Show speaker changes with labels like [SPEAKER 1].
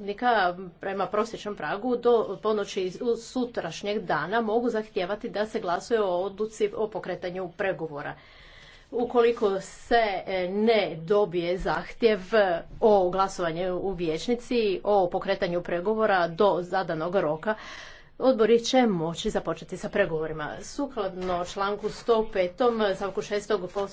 [SPEAKER 1] zastupnika prema prosječnom pragu do ponoći sutrašnjeg dana mogu zahtijevati da se glasuje o odluci o pokretanju pregovora. Ukoliko se e, ne dobije zahtjev e, o glasovanju u vijećnici o pokretanju pregovora do zadanog roka, odbori će moći započeti sa pregovorima. Sukladno članku 105. stavku 6.